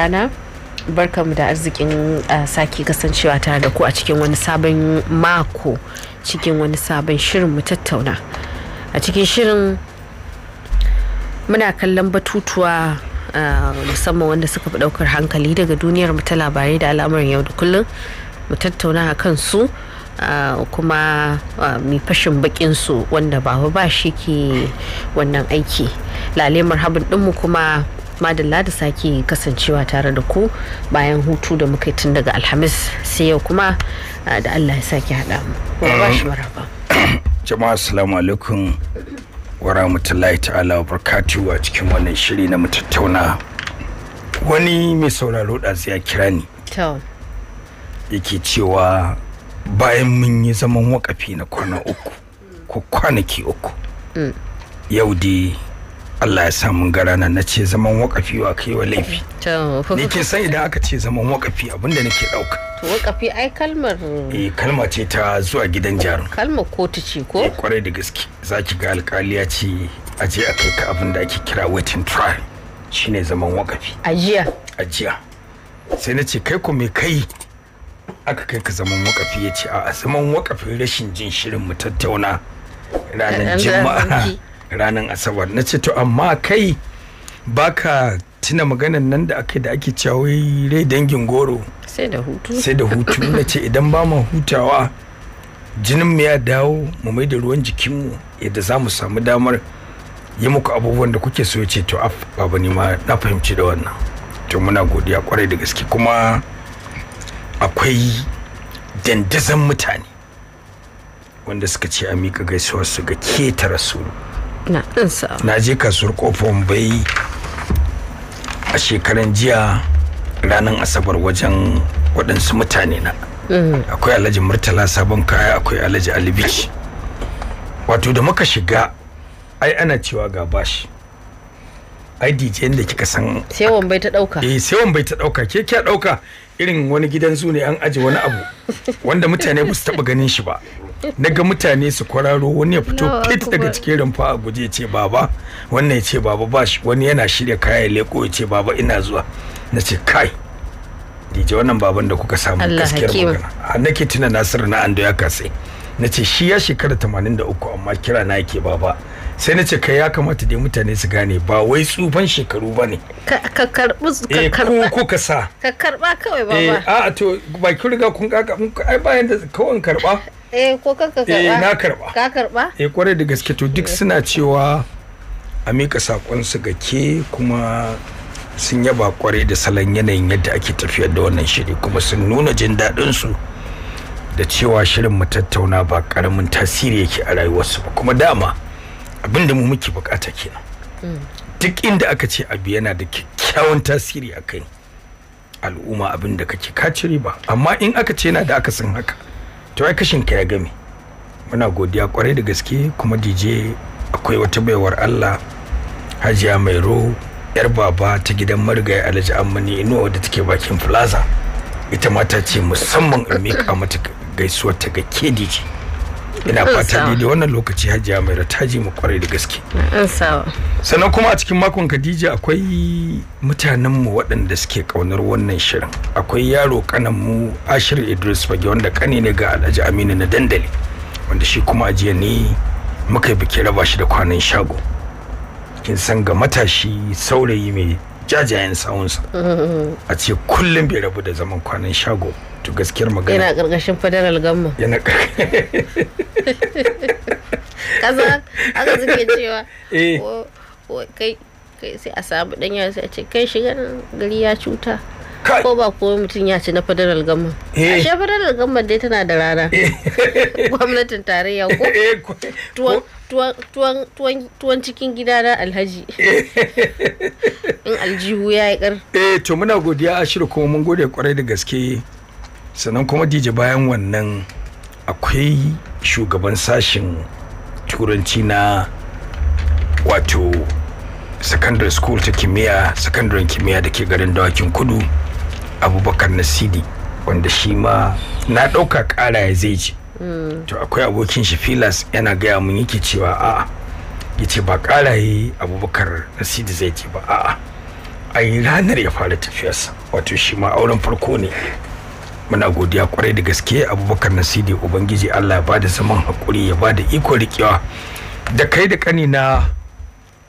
rana mu da arzikin sake kasancewa tare da ku a cikin wani sabon mako cikin wani sabon shirin mu tattauna a cikin shirin muna kallon batutuwa musamman wanda suka fi daukar hankali daga duniyar mu ta labarai da al'amuran yau da kullum mu tattauna a kan su kuma mai fashin bakin su wanda ba ba shi ke wannan aiki lalemar habin dinmu kuma madalla da sake kasancewa tare da ku bayan hutu da muka yi tun daga alhamis sai yau kuma ah, da allah ya sake haɗa mu jama'a assalamu alaikum wa rahmatullahi ta'ala wa barakatuhu a cikin wannan shiri na mutattauna wani mai sauraro da ya kira ni yake cewa bayan mun yi zaman wakafi na kwana uku ko kwanaki uku mm. yau dai Allah ya samu garana na ce zaman wakafi wa kai wa laifi Ni ke san idan aka ce zaman wakafi abinda nake dauka to wakafi ai kalmar eh kalma ce ta zuwa gidan jarum kalmar kotu ce ko eh kwarai da gaske zaki ga alkali ya ce a je a kai ka abin da ake kira waiting trial shine zaman wakafi ajiya ajiya sai na ce kai ko me kai aka kai ka zaman wakafi ya ce a zaman wakafi rashin jin shirin mu tattauna ranar juma'a ranar asabar na ce to amma kai baka tuna maganan nan da aka da ake cewa rai dangin goro sai da hutu sai da hutu na ce idan ba mu hutawa jinin mu ya dawo mu mai da ruwan jikinmu yadda za mu samu damar yi muku abubuwan da kuke so ce to af baba ni ma na fahimci da wannan to muna godiya kwarai da gaske kuma akwai dandazon mutane wanda suka ce a miƙa gaisuwar su ga ta rasu. na na je kasuwar kofin bai a shekaran jiya ranar asabar wajen waɗansu mutane na mm. akwai alhaji murtala sabon kaya akwai alhaji alibici wato da muka shiga ai ana cewa ga bashi ai dj da kika san sai wambai ta dauka eh sai wambai ta dauka ke kya dauka irin wani gidan zu ne an aje wani abu wanda mutane ba su taba ganin shi ba ga mutane su kwararo wani ya fito fit daga cikin rumfa a guje ce baba wannan ya ce baba ba shi wani yana shirya kaya leko ya ce baba ina zuwa na ce kai dije wannan baban da kuka samu gaskiyar magana nake tuna nasiru na ando ya kasai na ce shi ya shekara 83 amma kira na yake baba sai na ce kai ya kamata dai mutane su gane ba wai tsufan shekaru ba ne ka ka karba eh, ko sa ka kawai baba eh a to ba ki riga kun kaka ai bayan da kawai karba eh ko ka karba eh na karba ka karba eh kwarai da gaske to duk eh. suna cewa a mika sakon su ga ke kuma sun yaba kwarai da salon yanayin yadda ake tafiyar da wannan shiri kuma sun nuna jin daɗin su da cewa shirin mu tattauna ba karamin tasiri yake a rayuwarsu ba kuma dama abinda da mu muke bukata kenan mm. duk inda aka ce abu yana da kyakkyawan tasiri a kai al'umma abinda kake ka ci riba amma in aka ce yana da akasin haka to ai kashin ka ya gami muna godiya kwarai da gaske kuma DJ akwai wata baiwar Allah Hajiya Mairo yar baba ta gidan marigayi Alhaji Ammani Inuwa da take bakin Plaza ita mata ce musamman in mika mata gaisuwar ta ga KDG ina fata daidai wannan lokaci hajiya mai rataji mu kwarai da gaske sannan kuma a cikin makon khadija akwai mutanen mu waɗanda suke ƙaunar wannan shirin akwai yaro kanan mu ashir idris fage wanda kane ne ga alhaji aminu na dandali wanda shi kuma ajiya ne muka yi biki raba shi da kwanan shago kin san ga matashi saurayi mai jajayen sawunsa mm-hmm. a ce kullum bai rabu da zaman kwanan shago to gaskiyar magana yana karkashin federal gamma yana kasa aka suke cewa eh. kai kai sai a samu dan yaro sai a ce kai shiga gari ya cuta ko ba ko mutum ya ci na federal gamma eh. a federal gamma dai tana da rana eh. gwamnatin tarayya ko tuwon cikin gida na alhaji in aljihu ya yi kar eh to muna godiya a shirin kuma mun gode kwarai da gaske sannan kuma dije bayan wannan akwai shugaban sashen turanci na wato secondary school ta kimiyya secondary kimiyya da ke garin dawakin kudu abubakar nasidi wanda shi ma na ɗauka ƙara ya zai ji mm. to akwai abokin shi filas yana gaya mun yake cewa a ya ce ba ƙara yi abubakar nasidi zai ce ba a'a a yi ranar ya fara tafiyarsa wato shi ma auren farko ne muna godiya kwarai da gaske abubakar nasidi ubangiji allah ya bada zaman hakuri ya bada iko rikewa da kai da kani na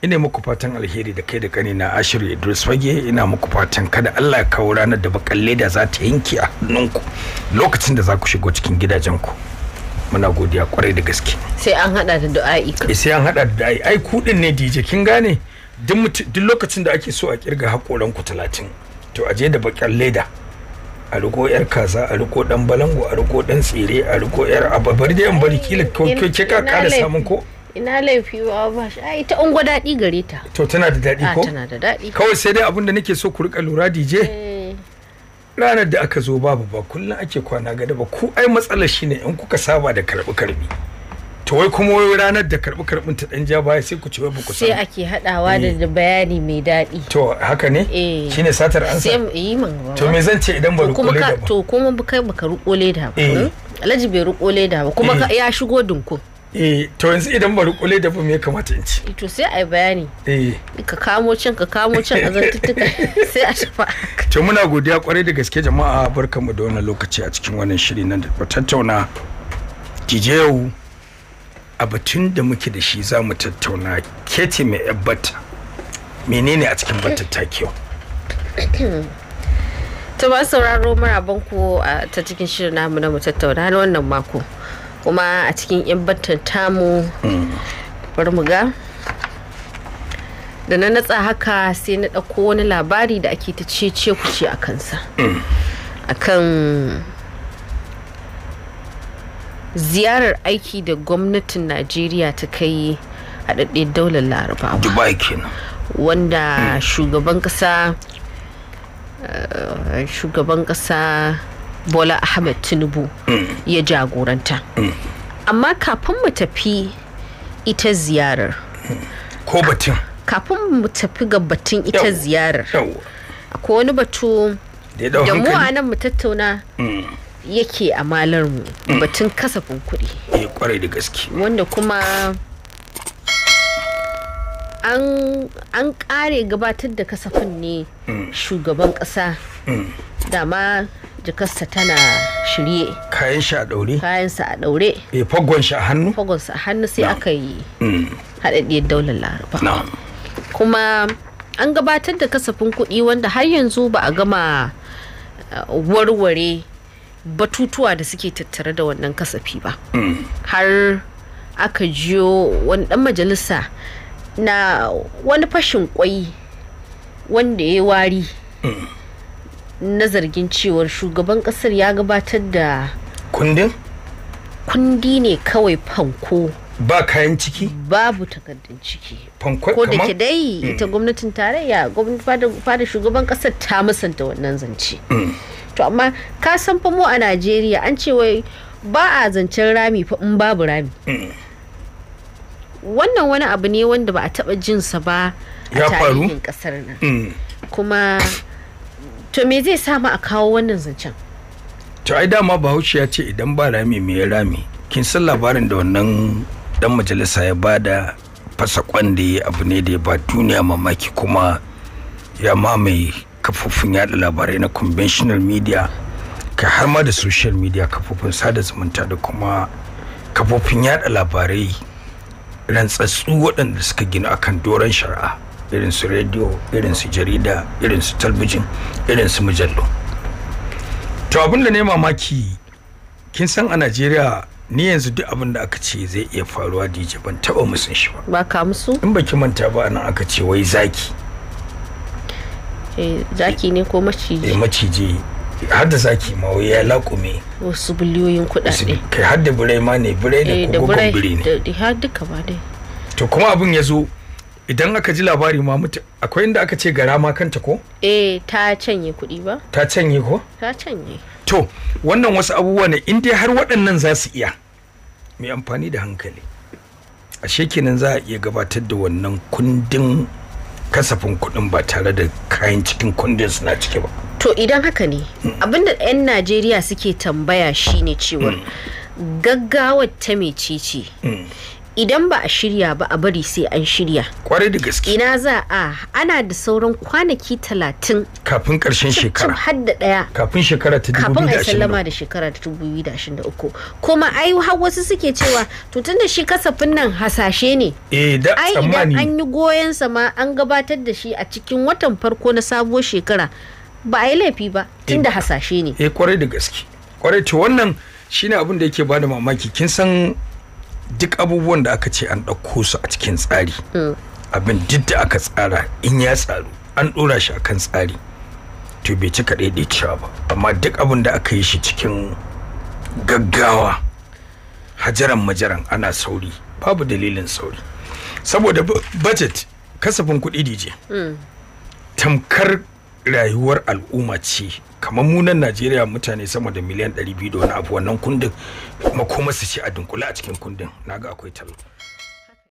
ina muku fatan alheri da kai da kani na ashiru idris fage ina muku fatan kada allah ya kawo ranar da bakan leda za ta yanke a hannunku lokacin da za ku shigo cikin gidajenku muna godiya kwarai da gaske sai an hada da du'a'i eh, sai an hada da du'a'i ai kudin ne dj kin gane duk lokacin da ake so a kirga hakoranku talatin to aje da bakan leda a riko yar kaza a riko dan balango a riko dan tsire a riko yar ababar da yan bari kila ke ka kara samun ko ina laifi wa ba shi ai ta ungwa daɗi gare ta to tana da daɗi ah, ko tana da daɗi kawai sai dai abin nake so ku rika lura DJ eh. ranar da aka zo babu ba kullum ake kwana gada ba ku ai matsalar shine in kuka saba da karbi karbi to wai kuma wai ranar da karbi karbin ta dan ja sai ku ci wai buku sai ake hadawa da eh. bayani mai daɗi to haka ne eh. shine satar ansa sai yi man to me zan ce idan ba rukole da ba to kuma kai baka rukole da ba eh. hmm? alhaji bai rukole da ba kuma ya shigo dunkun eh to yanzu idan ba rukule da me ya kamata in ci to sai ai bayani eh ka kamo can ka kamo can a tuttuka sai a shafa to muna godiya kwarai da gaske jama'a barkamu da wannan lokaci a cikin wannan shiri nan da tattauna ki yau a batun da muke da shi za mu tattauna keti mai yabbata menene a cikin batta ta kyau to ba sauraro marabon ku ta cikin shirin namu na mu tattauna na wannan mako kuma a cikin yan battan tamu hmm. mu ga da na natsa haka sai na ɗauko wani labari da ake ta ce ku ce a kansa hmm. akan ziyarar aiki da gwamnatin najeriya ta kai haɗaɗɗen daular larabawa wanda hmm. shugaban ƙasa eh, shugaban ƙasa bola ahmed tinubu hmm. ya jagoranta hmm. amma kafin mu tafi ita ziyarar ko batun kafin mu tafi ga batun ita ziyarar akwai wani batu da mu a nan mu tattauna yake a malarmu batun kasafin kuɗi. Eh kwarai da gaske. Wanda kuma an ƙare gabatar da kasafin ne hmm. shugaban ƙasa hmm. dama jikarsa tana shirye. Kayan shi a ɗaure? Kayan sa a ɗaure. Eh fagon sha a hannu? Fagon sa a hannu sai aka yi hmm. haɗaɗɗiyar daular laraba. Kuma an gabatar da kasafin kuɗi wanda har yanzu ba a gama uh, warware batutuwa da suke tattare da wannan kasafi ba mm. har aka jiyo wani dan majalisa na wani fashin kwai wanda ya wari mm. na zargin cewar shugaban kasar ya gabatar da kundin kundi ne kawai fanko ba kayan ciki babu takardun ciki ko da ke dai ita mm. gwamnatin tarayya gwamnati fada shugaban kasar ta musanta wannan zance to amma ka san fa mu a najeriya an ce wai ba a zancen rami fa in babu rami mm. wannan wani abu ne wanda ba a taba jin sa ba a tarihin kasar nan mm. kuma to me zai sa mu a kawo wannan zancen to ai dama bahaushe ya ce idan ba rami me ya rami kin san labarin da wannan dan majalisa ya bada fasa da ya abu ne da ya ba duniya mamaki kuma ya mamaye kafofin yada labarai na conventional media kai har ma da social media kafofin sada zumunta da kuma kafofin yada labarai rantsatsu waɗanda suka gina akan doron shari'a irin su rediyo irin su jarida irin su talbijin irin su mujallu to abin da ne mamaki kin san a najeriya ni yanzu duk abin da aka ce zai iya faruwa dj ban taba musun shi ba ba ka musu in baki manta ba nan aka ce wai zaki Eh, zaki ne ko maciji eh, maciji har da zaki ma ya laƙume wasu biliyoyin kuɗaɗe kai har da birai ma ne birai ne ko gogon biri ne har duka ba dai to kuma abin ya zo idan aka ji labari ma mutu akwai inda aka ce gara ma kanta ko eh ta canye kuɗi ba ta canye ko ta canye to wannan wasu abubuwa ne in dai har waɗannan za su iya mai amfani da hankali ashe kenan za a iya gabatar da wannan kundin kasafin kuɗin ba tare da kayan cikin kundin suna ciki ba to idan haka ne mm. abinda 'yan najeriya suke tambaya shine cewa mm. gaggawar ta mecece mm. idan ba a shirya ba a bari sai an shirya kwarai da gaske ina za a ana da sauran kwanaki talatin kafin karshen shekara har da daya kafin shekara ta kafin a sallama da shekara ta dubu uku. kuma ai har wasu suke cewa to tun da shi kasafin nan hasashe ne eh da tsammani ai idan an yi goyon sa ma an gabatar da shi a cikin watan farko na sabuwar shekara ba a yi laifi ba tun da eh. hasashe ne eh kwarai da gaske kwarai to wannan shine abin da yake bada mamaki kin san duk abubuwan da aka ce an ɗauko su a cikin tsari abin duk da aka tsara in ya tsaru an ɗora shi akan tsari to bai cika cewa ba amma duk abin da aka yi shi cikin gaggawa hajaran majaran ana sauri babu dalilin sauri saboda budget kasafin kuɗi dije mm. tamkar rayuwar al'umma ce kamar munan Najeriya mutane sama da miliyan 200 da wani abu wannan kundin makoma su ce a dunkule a cikin kundin Na ga akwai talo